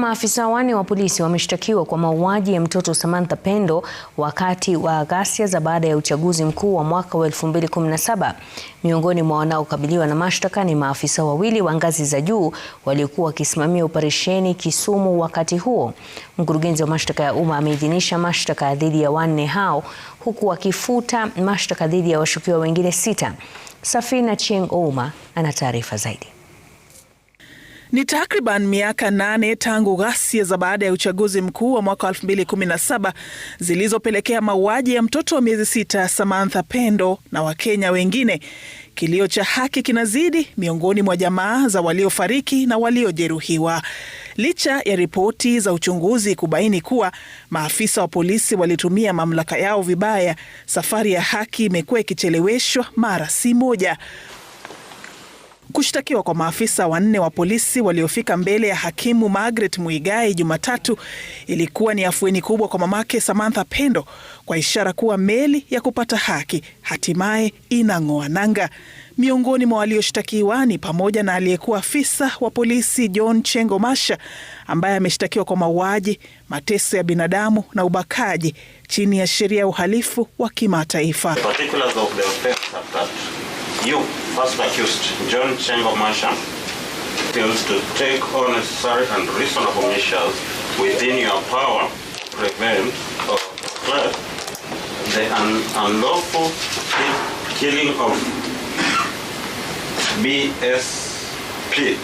maafisa wanne wa polisi wameshtakiwa kwa mauaji ya mtoto Samantha Pendo wakati wa ghasia za baada ya uchaguzi mkuu wa mwaka wa 2017. Miongoni mwa wanaokabiliwa na mashtaka ni maafisa wawili wa ngazi za juu waliokuwa wakisimamia operesheni Kisumu wakati huo. Mkurugenzi wa mashtaka ya umma ameidhinisha mashtaka dhidi ya wanne hao huku wakifuta mashtaka dhidi ya washukiwa wengine sita. Safina Cheng Ouma ana taarifa zaidi. Ni takriban miaka nane tangu ghasia za baada ya uchaguzi mkuu wa mwaka 2017 zilizopelekea mauaji ya mtoto wa miezi sita Samantha Pendo na Wakenya wengine. Kilio cha haki kinazidi miongoni mwa jamaa za waliofariki na waliojeruhiwa, licha ya ripoti za uchunguzi kubaini kuwa maafisa wa polisi walitumia mamlaka yao vibaya. Safari ya haki imekuwa ikicheleweshwa mara si moja kushtakiwa kwa maafisa wanne wa polisi waliofika mbele ya hakimu Margaret Muigai Jumatatu ilikuwa ni afueni kubwa kwa mamake Samantha Pendo, kwa ishara kuwa meli ya kupata haki hatimaye inang'oa nanga. Miongoni mwa walioshtakiwa ni pamoja na aliyekuwa afisa wa polisi John Chengo Masha ambaye ameshtakiwa kwa mauaji, mateso ya binadamu na ubakaji chini ya sheria ya uhalifu wa kimataifa. you, first accused, John Chamber Marsham, fails to take all necessary and reasonable measures within your power to prevent or suppress the un- unlawful killing of BSP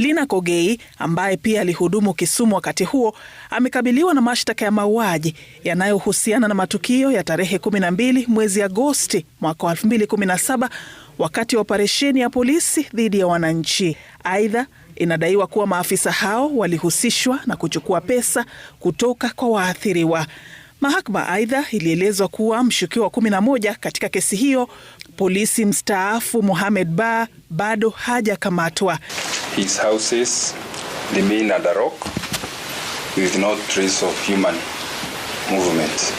Lina Kogei ambaye pia alihudumu Kisumu wakati huo amekabiliwa na mashtaka ya mauaji yanayohusiana na matukio ya tarehe 12 mwezi Agosti mwaka 2017 wakati wa operesheni ya polisi dhidi ya wananchi. Aidha, inadaiwa kuwa maafisa hao walihusishwa na kuchukua pesa kutoka kwa waathiriwa. Mahakama aidha ilielezwa kuwa mshukiwa wa kumi na moja katika kesi hiyo, polisi mstaafu Mohamed Ba, bado hajakamatwa. movement.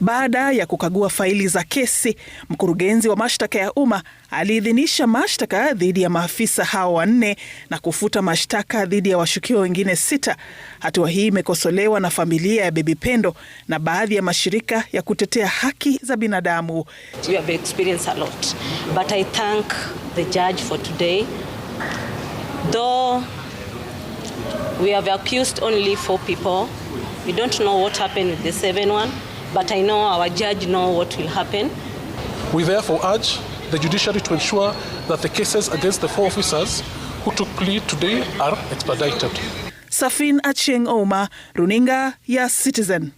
Baada ya kukagua faili za kesi, mkurugenzi wa mashtaka ya umma aliidhinisha mashtaka dhidi ya maafisa hao wanne na kufuta mashtaka dhidi ya washukiwa wengine sita. Hatua hii imekosolewa na familia ya Baby Pendo na baadhi ya mashirika ya kutetea haki za binadamu. We have accused only four people. We don't know what happened with the seven one but I know our judge know what will happen. We therefore urge the judiciary to ensure that the cases against the four officers who took plea today are expedited. Safin acheng Oma, Runinga ya Citizen.